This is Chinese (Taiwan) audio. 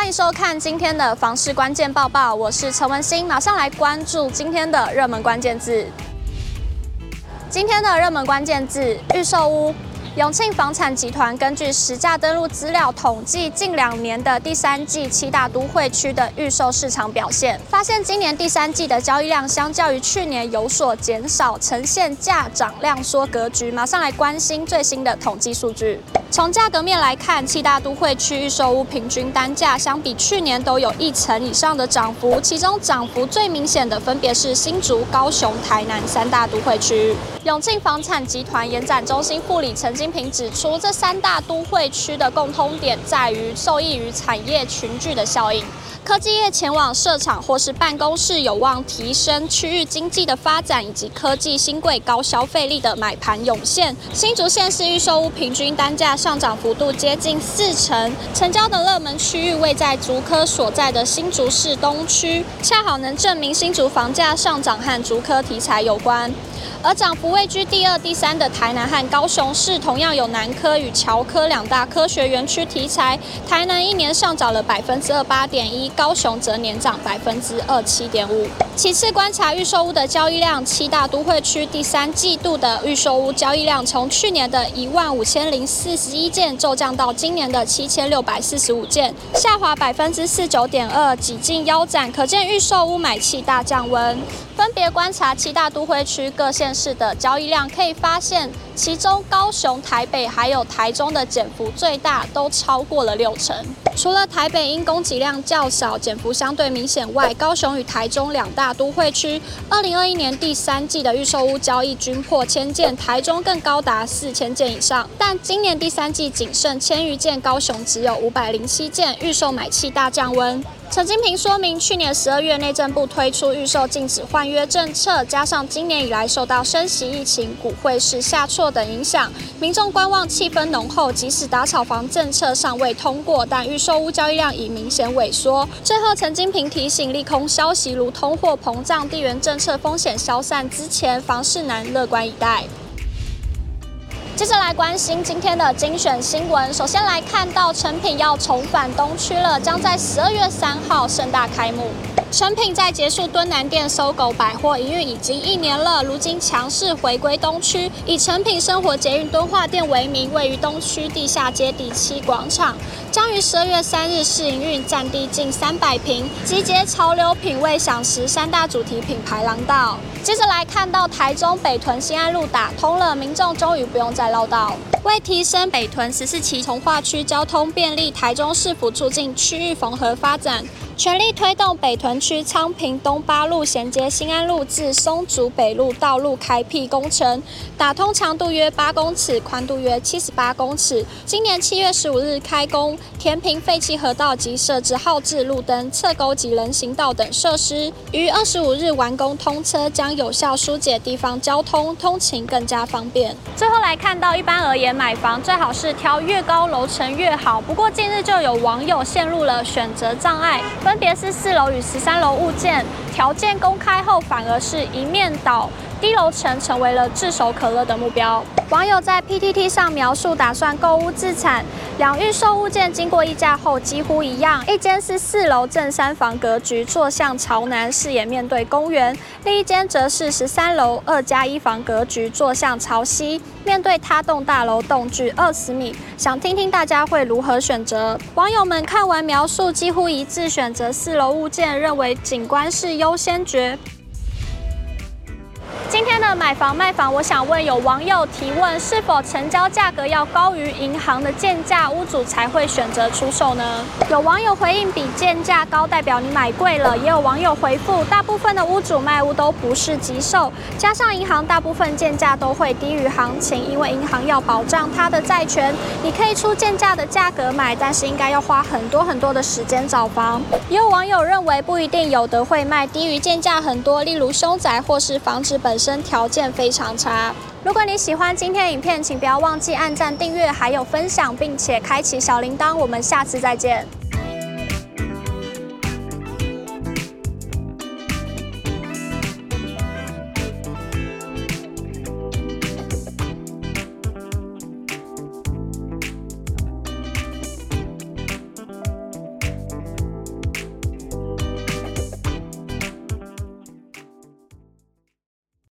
歡迎收看今天的房市關鍵報報，我是陳文新，馬上來關注今天的熱門關鍵字。今天的熱門關鍵字：預售屋。永慶房產集團根據實價登錄資料統計，近兩年的第三季七大都會區的預售市場表現，發現今年第三季的交易量相較於去年有所減少，呈現價漲量縮格局。馬上來關心最新的統計數據。從價格面來看，七大都會區預售屋，屋平均單價相比去年都有一成以上的漲幅，其中漲幅最明顯的分別是新竹、高雄、台南三大都會區域。永慶房產集團延展中心副理陳金平指出，這三大都會區的共通點在於受益於產業群聚的效應，科技業前往設廠或是辦公室，有望提升區域經濟的發展以及科技新貴高消費力的買盤湧現。新竹縣市預售屋平均單價。上漲幅度接近四成，成交的熱門區域位在竹科所在的新竹市東區，恰好能證明新竹房價上漲和竹科題材有關。而漲幅位居第二、第三的台南和高雄市，同樣有南科與橋科兩大科學園區題材。台南一年上漲了百分之二八點一，高雄則年漲百分之二七點五。其次觀察預售屋的交易量，七大都會區第三季度的預售屋交易量，從去年的一萬五千零四。十一件驟降到今年的七千六百四十五件，下滑百分之四十九點二，幾近腰斬，可見預售屋買氣大降溫。分別觀察七大都會區各縣市的交易量，可以發現，其中高雄、台北還有台中的減幅最大，都超過了六成。除了台北因供給量較少，減幅相對明顯外，高雄與台中兩大都會區，二零二一年第三季的預售屋交易均破千件，台中更高達四千件以上。但今年第三季僅剩千餘件，高雄只有五百零七件，預售買氣大降溫。陳金平說明，去年十二月內政部推出預售禁止換約政策，加上今年以來受到升息、疫情、股匯市下挫等影響，民眾觀望氣氛濃厚。即使打炒房政策尚未通過，但預售屋交易量已明顯萎縮。最後，陳金平提醒，利空消息如通貨膨脹、地緣政策風險消散之前，房市難樂觀以待。接着來關心今天的精選新聞。首先來看到，誠品要重返東區了，將在十二月三號盛大開幕。誠品在結束敦南店收購百貨營運已經一年了，如今強勢回歸東區，以誠品生活捷運敦化店為名，位於東區地下街第七廣場，將於十二月三日試營運，占地近三百坪，集結潮流品味、享食三大主題品牌廊道。接着來看到台中北屯興安路打通了，民眾終於不用再繞道，為提升北屯十四期重劃區交通便利，台中市府促進區域縫合發展。全力推動北屯區昌平東八路銜接新安路至松竹北路道路開闢工程，打通長度約八公尺，寬度約七十八公尺。今年七月十五日開工，填平廢棄河道及設置號制路燈、側溝及人行道等設施，於二十五日完工通車，將有效疏解地方交通，通勤更加方便。最後來看到，一般而言，買房最好是挑越高樓層越好。不過近日就有網友陷入了選擇障礙。分別是四樓與十三樓，物件條件公開後，反而是一面倒，低樓層成為了炙手可熱的目標。網友在 PTT 上描述，打算購屋自住，兩預售物件，經過議價後幾乎一樣。一間是四樓正三房格局，坐向朝南，視野面對公園；另一間則是十三樓二加一房格局，坐向朝西，面對他棟大樓，棟距二十米。想聽聽大家會如何選擇？網友們看完描述，幾乎一致選擇四樓物件，認為景觀是優先級。今天的買房賣房，我想問有網友提問：是否成交價格要高於銀行的鑑價，屋主才會選擇出售呢？有網友回應：比鑑價高代表你買貴了。也有網友回復：大部分的屋主賣屋都不是急售，加上銀行大部分鑑價都會低於行情，因為銀行要保障它的債權。你可以出鑑價的價格買，但是應該要花很多很多的時間找房。也有網友認為不一定，有的會賣低於鑑價很多，例如凶宅或是房子本本身條件非常差。如果你喜歡今天的影片，請不要忘記按讚、訂閱，還有分享，並且開啟小鈴鐺。我們下次再見。